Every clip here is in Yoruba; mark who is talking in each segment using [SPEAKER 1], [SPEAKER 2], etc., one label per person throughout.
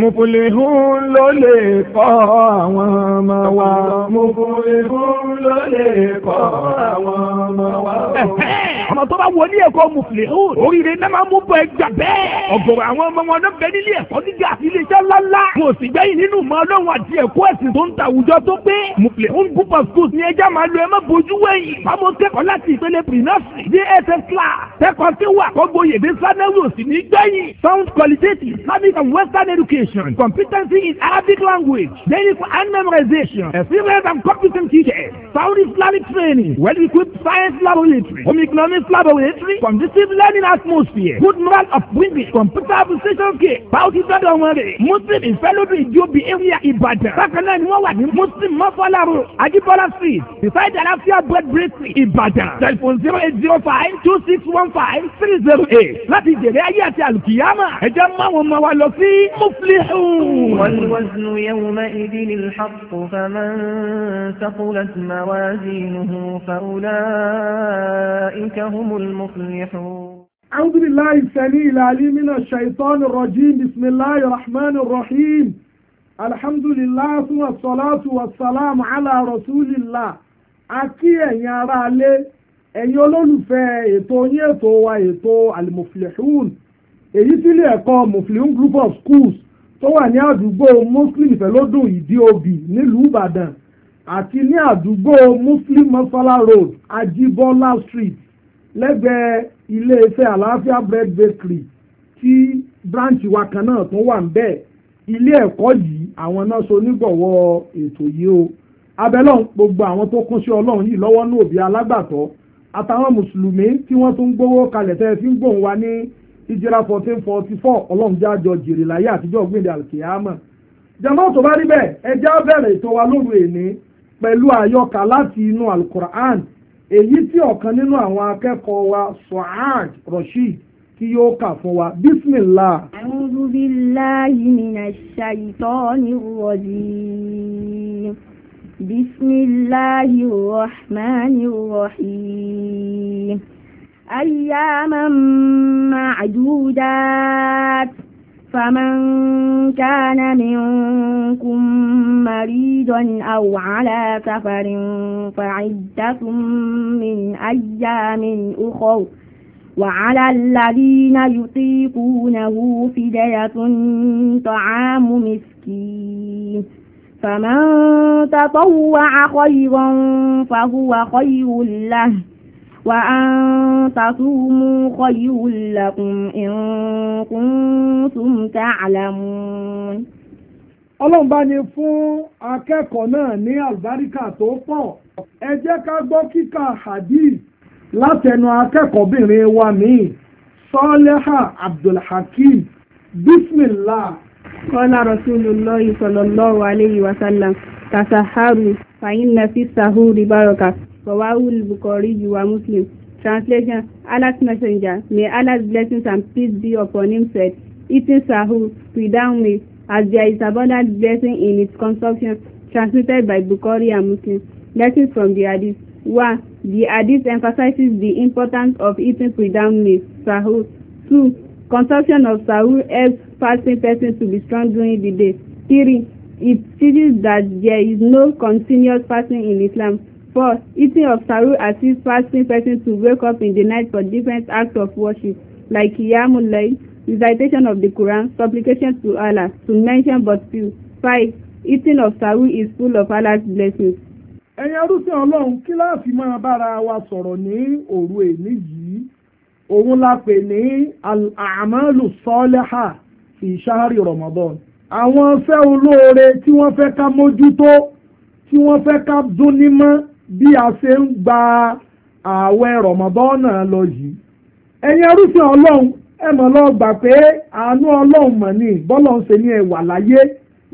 [SPEAKER 1] Mùfúlihún ló lè kọ́ àwọn ọmọ wa. Mùfúlihún ló lè kọ́ àwọn ọmọ wa àwọn tó bá wọ ní ẹ̀kọ́ muflihun oríire náà máa mú bọ ẹgbà bẹ́ẹ̀ ọ̀gọ̀rọ̀ àwọn ọmọ wọn náà bẹ nílé ẹ̀kọ́ gíga àti iléeṣẹ́ ńláńlá kò sì gbẹ́yìn nínú ìmọ̀ ọlọ́run àti ẹ̀kọ́ ẹ̀sìn tó ń ta àwùjọ tó pé muflihun group of schools sound qualitative Islamic and Western education competency in Arabic language daily and memorization experience and competent teachers sound Islamic training well-equipped science laboratory home economics a collaboratory, conducive learning atmosphere, good moral upbringing, comfortable social care. Báwo ti dọ́dọ̀ wọn rè? Muslim ìfẹ́lódún ìjó bi area Ìbàdàn. Bákan náà ni wọ́n wà ní Muslim Mọ́fọ́lárò, Ajíbọ́lá street, beside Àlàáfíà bread bakery Ìbàdàn. Telephone zero eight zero five two six one five three zero eight. Láti jèrè ayé àti àlùkìyámà. Ẹ jẹ́ máwọn ọmọ wa lọ sí Muflihu. والوزن يومئذ الحق فمن ثقلت موازينه فأولئك هم المفلحون أعوذ بالله السميع العليم من الشيطان الرجيم بسم الله الرحمن الرحيم الحمد لله ثم الصلاة والسلام على رسول الله akí يا aráalé ẹ̀yin olólùfẹ́ ètò yín ètò wa ètò al-muflihun èyí tí ilé ẹ̀kọ́ muflihun group of schools tó wà ní àdúgbò muslim ìfẹ́lódùn ìdí òbí nílùú ìbàdàn àti ní àdúgbò muslim masala road ajibola street lẹ́gbẹ̀ẹ́ iléeṣẹ́ àlàáfíà bread bakery tí branch wa kan náà tún wà ń bẹ̀ ilé ẹ̀kọ́ yìí àwọn náà so onígbọ̀wọ́ ètò yìí o abẹ́lọ́hún gbogbo àwọn tó kún sí ọlọ́run yìí lọ́wọ́ ní òbí alágbàtọ́ àtàwọn mùsùlùmí tí wọ́n tún gbowó kalẹ̀ tẹ́ fi ń gbóhùn wa ní ìjìrà fourteen forty four ọlọ́run jẹ́ àjọ jèrè láyé àtijọ́ gbìndín àlùkìyàmọ̀ jàmbá tó bá rí bẹ́ẹ̀ ẹ jẹ́ á bẹ̀rẹ̀ ètò wa lóru èní pẹ̀lú àyọkà láti inú alukur'an èyí tí ọ̀kan nínú àwọn akẹ́kọ̀ọ́ wa Suad Rashid tí yóò kà fún wa bismillah. a'udhu billahi minash shaitanir rajim bismillahir rahmanir rahim ayyaman ma'dudat. فمن كان منكم مريضا أو على سفر فعدة من أيام أخر وعلى الذين يطيقونه فدية طعام مسكين فمن تطوع خيرا فهو خير له وأن تصوموا خير لكم إن كنتم تعلمون ọlọ́run bá ní fún akẹ́kọ̀ọ́ náà ní àlùbáríkà tó pọ̀ ẹ jẹ́ ká gbọ́ kíkà hadith látẹnu akẹ́kọ̀ọ́bìnrin wa míì sọ́lẹ́hà abdulhakeem bismillah. kọ́lá rasulullahi sallallahu alayhi wa sallam tasaharu fa inna fi sahuri baraka. Rawahul Bukhari wa Muslim. Translation Allah's Messenger, may Allah's blessings and peace be upon him said, Eating sahu without meat, as there is abundant blessing in its consumption. Transmitted by Bukhari and Muslim. Lessons from the Hadith. One, The Hadith emphasizes the importance of eating without meat, sahur. 2. Consumption of sahu helps fasting person to be strong during the day. Three, It teaches that there is no continuous fasting in Islam. Four, Eating of taru as if fasting person to wake up in the night for different acts of worship like Qiyamul recitation of the Quran, supplication to Allah, to mention but few. Five, Eating of taru is full of Allah's blessings. Ẹ̀yin arúgbó Ọlọ́run kí máa bára wa sọ̀rọ̀ ní òru èní yìí. Òun la pè ní al-a'malu saliha fi Àwọn fẹ́ olóore tí wọ́n fẹ́ ká mójútó, tí wọ́n fẹ́ ká dún ní mọ́ bí a ṣe ń gba ààwẹ̀ rọ̀mọ́bọ́ọ̀nà lọ yìí ẹ̀yin arúfin ọlọ́run ẹ mọ̀ lọ gbà pé àánú ọlọ́run mọ̀ ni bọ́lọ̀ ń ṣe ní ẹ wà láyé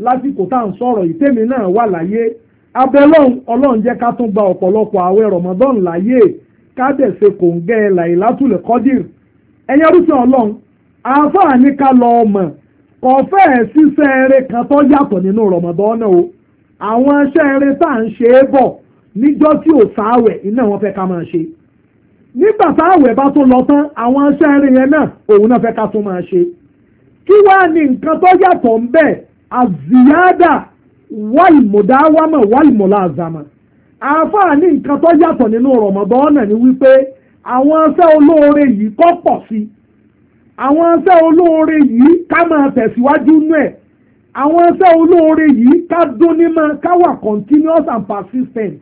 [SPEAKER 1] lásìkò tá à ń sọ̀rọ̀ ìtẹ́mi náà wà láyé abẹ́lọ́run ọlọ́run jẹ́ ká tún gba ọ̀pọ̀lọpọ̀ ààwẹ̀ rọ̀mọ́bọ́ọ̀nà láyé ká dẹ̀ ṣe kò ń gẹ́ ẹ làyè látùlẹ̀ kọ́dìrì ẹ̀yin arúfin ọlọ́run àáfàá ní ká lọ ọmọ kò fẹ́ẹ̀ ṣiṣẹ́ eré kan tó yàtọ̀ nínú rọ̀mọ́bọ́ọ̀nà o àwọn iṣẹ́ eré tá à ń ṣe é bọ̀ níjọ́ tí ò sáàwẹ̀ iná wọn fẹ́ ká máa ṣe nígbà sáàwẹ̀ bá tó lọ tán àwọn aṣẹ́ rìn yẹn náà òun náà fẹ́ ká tún máa ṣe kí wàá ní nǹkan tó yàtọ̀ ń bẹ̀ àzìyáàdà wàlmùdáwámọ̀ wàlmùláàzámọ̀ àáfàá ní nǹkan tó yàtọ̀ nínú rọ̀mọ̀bọ́ọ̀nà ni wípé àwọn aṣẹ́ olóore yìí kọ́ pọ̀ sí àwọn aṣẹ́ olóore yìí ká máa tẹ̀síwájú nú ẹ̀ àwọn aṣẹ́ olóore yìí ká dún ní máa ká wà continuous and persistent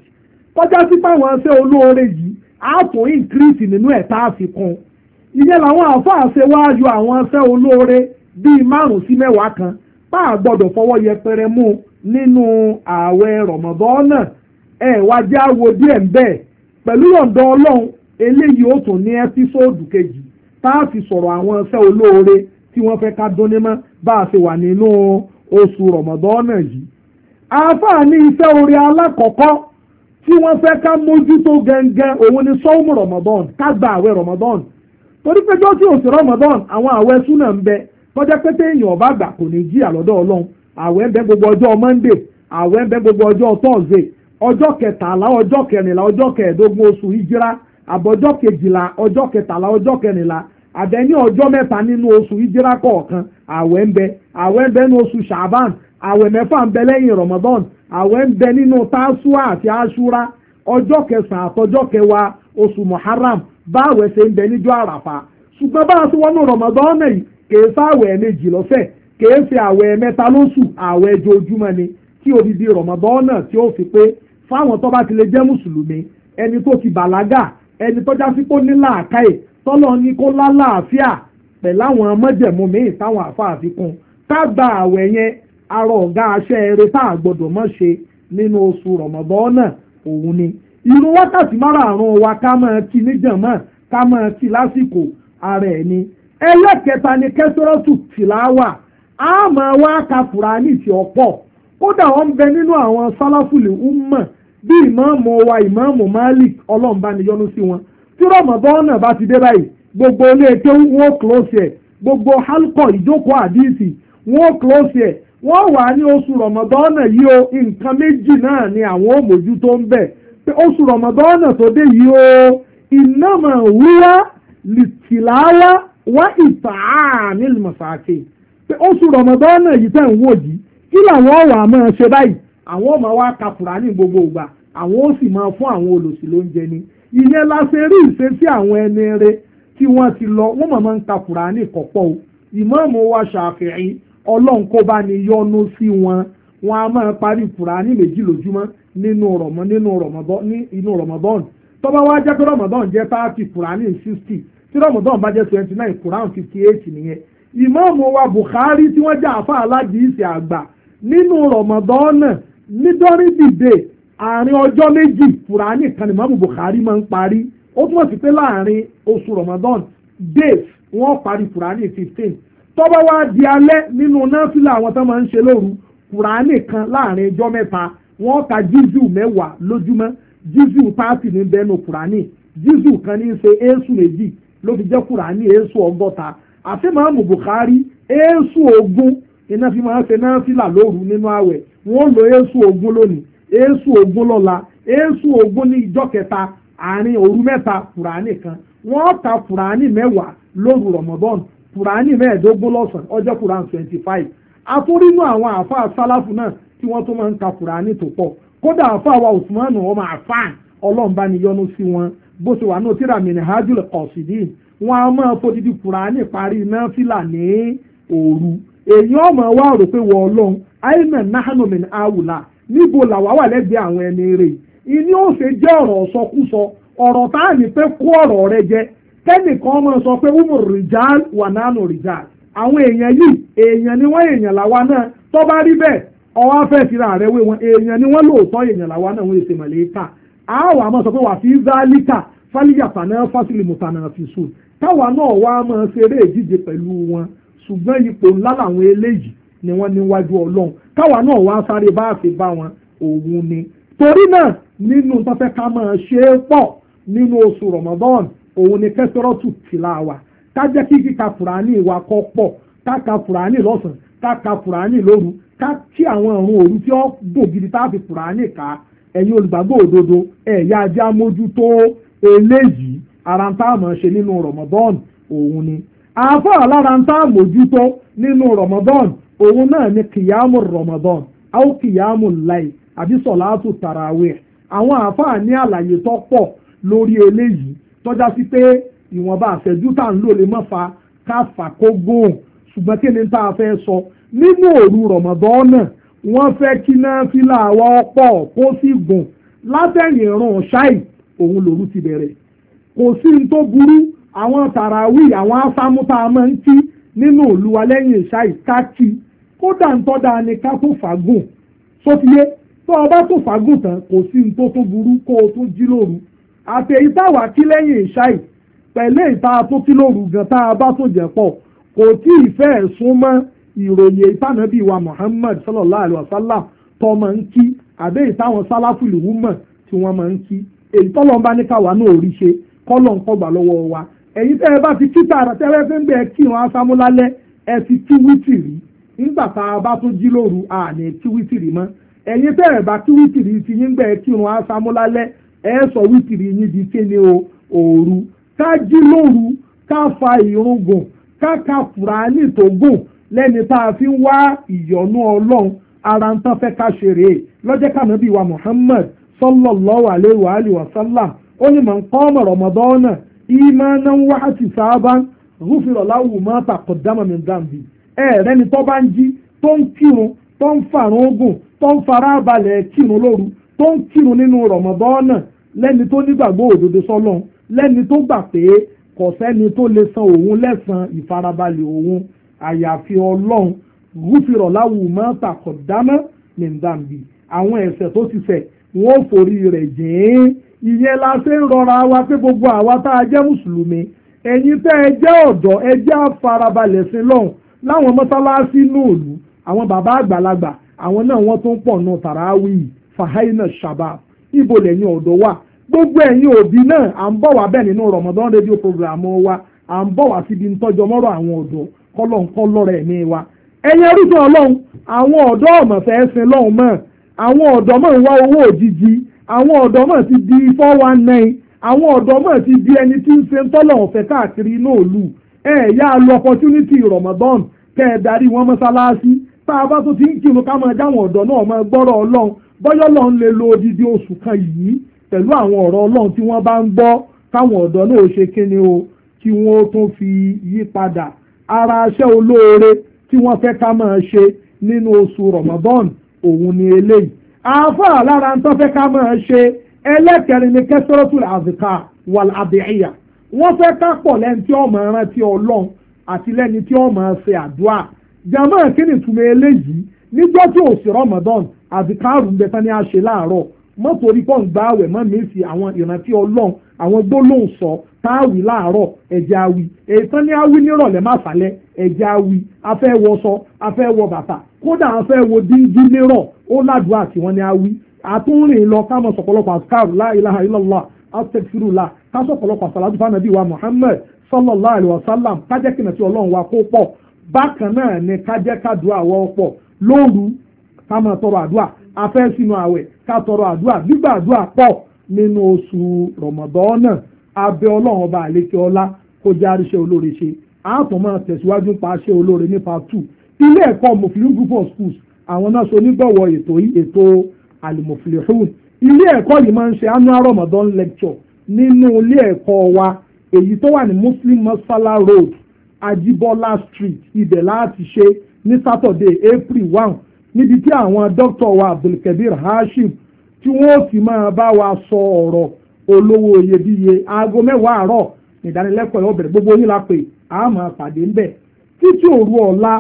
[SPEAKER 1] tọ́já sí páwọn ṣé olóore yìí á tún increase nínú ẹ̀ tá a fi kún ìyẹn làwọn àáfàá ṣe wá yọ àwọn ṣé olóore bíi márùn sí mẹ́wàá kan bá a gbọ́dọ̀ fọwọ́ yẹpẹrẹ mú nínú ààwẹ̀ Ramadan náà ẹ wá jẹ́ àwo díẹ̀ ń bẹ́ẹ̀ pẹ̀lú yọ̀ǹda Ọlọ́run eléyìí ó tún ní ẹ́písòdù kejì tá a fi sọ̀rọ̀ àwọn ṣé olóore tí wọ́n fẹ́ ká dún ní bá a ṣe wà nínú oṣù Ramadan náà yìí àáfàá ní iṣẹ́ orí alákọ̀ọ́kọ́ tí wọ́n fẹ́ ká mójútó gẹ́ngẹ́ òun ni sọ́ọ̀mù rọ̀mọ́dọ́n ká gba àwẹ̀ rọ̀mọ́dọ́n torí pé jọ́sí òsì rọ̀mọ́dọ́n àwọn àwẹ̀ súnà ń bẹ kọjá pété èèyàn ọba àgbà kò ní jí àlọ́dọ̀ ọlọ́run àwẹ̀ ń bẹ gbogbo ọjọ́ monday àwẹ̀ ń bẹ gbogbo ọjọ́ thursday ọjọ́ kẹtàlá ọjọ́ kẹrìnlá ọjọ́ kẹẹ̀ẹ́dógún oṣù hijira àbọ̀jọ́ kejìlá ọjọ́ kẹtàlá ọjọ́ kẹrìnlá àbẹ̀ní ọjọ́ mẹ́ta nínú oṣù hijira kọ̀ọ̀kan àwẹ̀ ń bẹ àwẹ̀ ń bẹ nínú oṣù shaban àwẹ̀ mẹ́fà ń bẹ lẹ́yìn Ramadan àwẹ̀ ń bẹ nínú tásúà àti aṣúra ọjọ́ kẹsàn-án àtọjọ́ kẹwàá oṣù Muharram báwẹ̀ ṣe ń bẹ níjọ́ àràfà ṣùgbọ́n bá a ti wọnú Ramadan yìí kèé sáwẹ̀ méjì lọ́sẹ̀ kèé fi àwẹ̀ mẹ́ta lóṣù àwẹ̀ ojoojúmọ́ ni tí odidi Ramadan tí ó fi pé fáwọn tó bá ti lè jẹ́ mùsùlùmí ẹni tó ti bàlágà ẹni tó já sí kó ní làákàyè tọ́lọ́ ní kó lálàáfíà pẹ̀láwọn mọ́jẹ̀mú míì táwọn àfa àfikún ká arọ ọ̀gá aṣẹ́ eré tá a gbọ́dọ̀ mọ̀ ṣe nínú oṣù rọ̀mọ̀bọ́nà òun ni irun wákàtí márààrún wa ká máa kí níjànmọ́ ká máa kí lásìkò ara ẹ̀ ni ẹlẹ́kẹta ni kẹsọ́rọ́sù tìláwà á máa wá ka fúrání tí kódà wọ́n bẹ nínú àwọn sálàfùlì umma bí ìmáàmù wa ìmáàmù Malik ọlọ́ọ̀bániyọ́nú sí wọn tí rọ̀mọ̀bọ́nà bá ti dé báyìí gbogbo ilé kéwú wọn ó close ẹ̀ gbogbo halkọ ìjókòó àdìsí wọn ó close wọ́n wà ní oṣù rọ̀mọ̀dọ́nà yìí o nǹkan méjì náà ni àwọn òmòjú tó ń bẹ̀ pé oṣù rọ̀mọ̀dọ́nà tó dé yìí o iná mà wúwá lìtìláwá wá ìtààmì mọ̀sáàkì pé oṣù rọ̀mọ̀dọ́nà yìí tẹ̀ ń yìí kí làwọn wà máa ṣe báyìí àwọn ọmọ wa gbogbo àwọn ó sì máa fún àwọn ni ìyẹn la ṣe àwọn ẹni rẹ tí wọ́n ti lọ wọ́n ọlọ́run kó bá ní yọ́nú sí wọn wọn a máa parí kùránì méjì lójúmọ́ nínú rọ̀mọ́ nínú rọ̀mọ́bọ́n ní inú rọ̀mọ́bọ́n tó bá wá jẹ́ pé rọ̀mọ́bọ́n jẹ́ thirty kùránì sixty tí rọ̀mọ́bọ́n bá jẹ́ twenty nine kùránì fifty eight nìyẹn ìmáàmù wa Bukhari tí wọ́n jẹ́ àfa aládìísì àgbà nínú rọ̀mọ́bọ́n náà nítorí dìde àárín ọjọ́ méjì kùránì kan ìmáàmù Bukhari máa ń parí ó túmọ̀ sí pé láàárín oṣù rọ̀mọ́bọ́n days wọ́n parí kùránì fifteen tọ́ba wá di alẹ́ nínú náfìlà àwọn tó máa ń ṣe lóru kùránì kan láàrin ọjọ́ mẹ́ta wọ́n ka jíjù mẹ́wàá lójúmọ́ jíjù táàtì ní bẹ́ẹ̀nu kùránì jíjù kan ní í ṣe éésù méjì ló fi jẹ́ kùránì éésù ọgọ́ta àti màmú Bukhari éésù ogún iná fi máa ń ṣe náfìlà lóru nínú àwẹ̀ wọ́n lo éésù ogún lónìí éésù ogún lọ́la éésù ogún ní ìjọ́ kẹta àárín òru mẹ́ta kùránì kan wọ́n ta kùránì mẹ́wàá lóru Ramadan kùránì mẹ́ẹ̀ẹ́dógún lọ́sàn-án ọjọ́ kùránì twenty five atúrínú àwọn àáfàá sálàfù náà tí wọ́n tó máa ń ka kùránì tó pọ̀ kódà àáfàá wa ọmọ àfáàn ọlọ́ọ̀nba ni yọ́nú sí wọn bó ṣe wà ní òtíra minhajul qasidin wọn a máa fodidi kùránì parí náfìlà ní òru èyí ọmọ wa rò pé wọ ọlọ́run aina nahanu awula níbo làwa wà lẹ́gbẹ̀ẹ́ àwọn ẹni rè kẹ́nìkan máa sọ pé wúmù rìjáàl wà nánú rìjáàl àwọn èèyàn yìí èèyàn ni wọ́n èèyàn làwa náà tó bá rí bẹ́ẹ̀ ọwọ́ afẹ́ síra rẹ̀ wé wọn èèyàn ni wọ́n lóòótọ́ èèyàn làwa náà wọ́n èsè mọ̀lẹ́ta àwọn àmọ́ sọ pé wà fi zálíkà fálíyàtà náà fásìlì mùtànà fi sùn táwa náà wá máa ṣeré ìdíje pẹ̀lú wọn ṣùgbọ́n ipò ńlá làwọn eléyìí ni wọ́n níwájú ọlọ́run táwa náà wá sáré bá àfi bá wọn òun ni torí náà nínú tọ́fẹ́ ká máa ṣe é pọ̀ nínú oṣù Ramadan òun ni kẹsọ́rọ́tù tìláwà ká jẹ́ kí kíka fúrání ìwà kọ́ pọ̀ ká ka fúrání lọ́sàn-án ká ka fúrání lóru ká kí àwọn ọ̀run òru tí ó dògidì tá a fi fúrání ká ẹ̀yin olùgbàgbọ́ òdodo ẹ̀yà ajé amójútó eléyìí ara ń tá àmọ́ ṣe nínú rọ̀mọ́bọ́ọ̀nù òun ni àfọ́ lára ń tá àmójútó nínú rọ̀mọ́bọ́ọ̀nù òun náà ni kìyàmù rọ̀mọ́bọ́ọ̀nù àwọn kìyàmù láì àbí sọ̀láàtù tàràwẹ̀ àwọn àfáà ní àlàyé tó pọ̀ lórí eléyìí tọ́já sí pé ìwọ̀nba àfẹ́jú tá à ń lò lè mọ́ fa káfà kó gòun ṣùgbọ́n kí ni tá a fẹ́ sọ nínú òru rọ̀mọ̀dán náà wọ́n fẹ́ kí náà fílà wa pọ̀ kó sì gùn látẹ̀yìn ìrun ṣáì òun lòru ti bẹ̀rẹ̀ kò sí ní tó burú àwọn tàràwí àwọn ásámú tá a máa ń kí nínú òlu wa lẹ́yìn ṣáì ká kí kódà ń tọ́da ni ká tó fàágùn sófiyé tó o tó fàágùn tán kò sí ní tó tó burú kó o tó jí lóru àti èyí táwa kí lẹ́yìn ìṣáì pẹ̀lú ìta tó kí lóru gan tá a bá tó jẹ́ pọ̀ kò tí ì fẹ́ sún mọ́ ìròyìn ìtànàbí wa Muhammad sallallahu alayhi wa sallam tó máa ń kí àbẹ́ ìtàwọn sáláfùlù wúmọ̀ tí wọ́n máa ń kí èyí tọ́lọ́ bá ní káwa náà rí ṣe kọ́lọ̀ ń kọ́gbà lọ́wọ́ wa ẹ̀yin tẹ́ ẹ bá ti kíta ara tẹ́ ẹ fẹ́ ń bẹ kí wọn aṣámúlálẹ́ ẹ ti kí wítìrì nígbà tá a bá tún jí lóru àní kí wítìrì mọ́ ẹ̀yin tẹ́ ẹ bá kí wítìrì ti yín bẹ kí wọn aṣámúlálẹ́ ẹ sọ wítìrì yín di kéde òru ká jí lóru ká fa ìrun gùn ka furaani tó lẹ́ni fi ń wá ìyọ́nú ọlọ́run ara ń tán fẹ́ ká wa Muhammad sallallahu alayhi wa alihi onye ma ó ní màá kọ́ ọmọ rọmọdọ́nà ìmọ̀ọ́nà ń wá àti sáábà rúfin ọ̀làwù máa tàkọ̀dámà mi dàbí ẹ̀ẹ́dẹ́ni tó bá ń jí ogun tó ń fara balẹ̀ tó ń kírun nínú rọ̀mọ̀bọ́nà lẹ́ni tó nígbàgbọ́ òdodo sọ́lọ́n lẹ́ni tó gbà pé kò sẹ́ni tó lè san òun lẹ́san ìfarabalẹ̀ òun àyàfi ọlọ́run gúfìrọ̀ láwù mọ́ tàkọ̀dámọ́ ní ndàmbì àwọn ẹ̀ṣẹ̀ tó ti ṣẹ̀ wọ́n forí rẹ̀ jìn ìyẹn la ṣe ń rọra wa pé gbogbo àwa tá a jẹ́ mùsùlùmí ẹ̀yin tẹ́ ẹ jẹ́ ọ̀dọ́ ẹ jẹ́ àfarabalẹ̀ sí lọ́hùn láwọn mọ́sálásí náà lù àwọn bàbá àgbàlagbà àwọn náà wọ́n tó ń pọ̀ nù tàràwì yìí fahaina shabab ibo lẹ́yìn ọ̀dọ́ wà gbogbo ẹ̀yin òbí náà à ń bọ̀ wá bẹ́ẹ̀ nínú Ramadan rédíò programu wa à ń bọ̀ wá síbi ntọ́jọ́ mọ́rọ̀ àwọn ọ̀dọ́ kọ́lọ́nkọ́ lọ́rọ̀ ẹ̀mí wa ẹ̀yin ẹrúsọ ọlọ́run àwọn ọ̀dọ́ ọ̀mọ̀ fẹ́ sin lọ́hùn mọ́ àwọn ọ̀dọ́ mọ̀ ń wá owó òjijì àwọn ọ̀dọ́ mọ̀ ti di four one nine àwọn ọ̀dọ́ mọ̀ ti di ẹni tí ń ṣe ń tọ́lọ̀ ọ̀fẹ́ káàkiri inú òlu ẹ̀ yá lu opportunity Ramadan kẹ́ ẹ̀ darí wọn mọ́sálásí tá a bá tó ti ń kírun ká máa jáwọn ọ̀dọ́ náà máa gbọ́rọ̀ ọlọ́run bọ́yọ́ lọ́n lè lo odidi oṣù kan yìí pẹ̀lú àwọn ọ̀rọ̀ ọlọ́run tí wọ́n bá ń gbọ́ káwọn ọ̀dọ́ náà ṣe kíni o kí wọ́n tún fi yí padà ara iṣẹ́ olóore tí wọ́n fẹ́ ká máa ṣe nínú oṣù Ramadan òun ni eléyìí àáfàá lára ń tọ́fẹ́ ká máa ṣe ẹlẹ́kẹrin ni kẹsọ́rọ́tù àzìká wàl àbíyà wọ́n fẹ́ ká pọ̀ lẹ́ni tí ọmọ rántí ọlọ́run àti lẹ́ni tí ọmọ ṣe àdúrà jàmáà kí ni ìtumọ̀ eléyìí níjọ́ tí òsì Ramadan àdìkárù ń bẹ tán ní àṣẹ láàárọ̀ mọ́ torí pọ̀ ń gbá àwẹ̀ mọ́ mi sí àwọn ìrántí ọlọ́run àwọn gbólóhùn sọ táàwì láàárọ̀ ẹ̀jẹ̀ awi èyí tán ní awi nírọ̀lẹ́ má fàlẹ́ ẹ̀jẹ̀ awi afẹ́wọṣọ afẹ́wọ bàtà kódà afẹ́wọ díndín lérọ̀ ó ládùúgbò àti wọn ní awi àtúnrìn lọ kámọ̀ sọ̀pọ̀lọpọ̀ àkàrù la ilaha illallah astaghfirullah kásọ̀pọ̀lọpọ̀ àsàlátù fánàbí wa Muhammad sallallahu alayhi wa sallam kájẹ́kìnà tí ọlọ́run wa kó pọ̀ bákan náà ni kájẹ́kàdúrà wọ́ pọ̀ lóru ká máa tọrọ àdúrà afẹ́ sínú àwẹ̀ ká tọrọ àdúrà gbígbà àdúrà pọ̀ nínú oṣù rọ̀mọ̀dán náà abẹ́ ọlọ́run ọba àlékè ọlá kó jẹ́ àríṣẹ́ olóore ṣe àátọ́ máa tẹ̀síwájú pa àṣẹ olóore nípa two ilé ẹ̀kọ́ mufilin group of schools àwọn náà so nígbọ̀wọ́ ètò ètò alimufilihun ilé ẹ̀kọ́ yìí máa ń ṣe annual ramadan lecture nínú ilé ẹ̀kọ́ wa èyí tó wà ní muslim masfala road ajibola street ibẹ̀ láti ṣe ní saturday april one níbi tí àwọn dókítà wa Abdulkabir Hashim tí wọ́n sì máa bá wa sọ ọ̀rọ̀ olówó iyebíye aago mẹ́wàá àárọ̀ ìdánilẹ́kọ̀ọ́ yóò bẹ̀rẹ̀ gbogbo yín la pè á máa pàdé ń bẹ̀ títí òru ọ̀la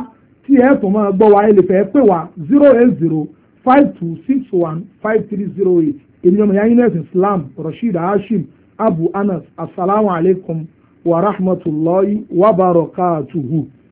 [SPEAKER 1] tí ẹ tún máa gbọ́ wa ẹ lè fẹ́ pè wá zero eight zero five two six one five three zero eight èmi ọmọ yanyin Islam Rasheed Hashim Abu Anas asalaamualeykum wa rahmatulahi wa barakatuhu.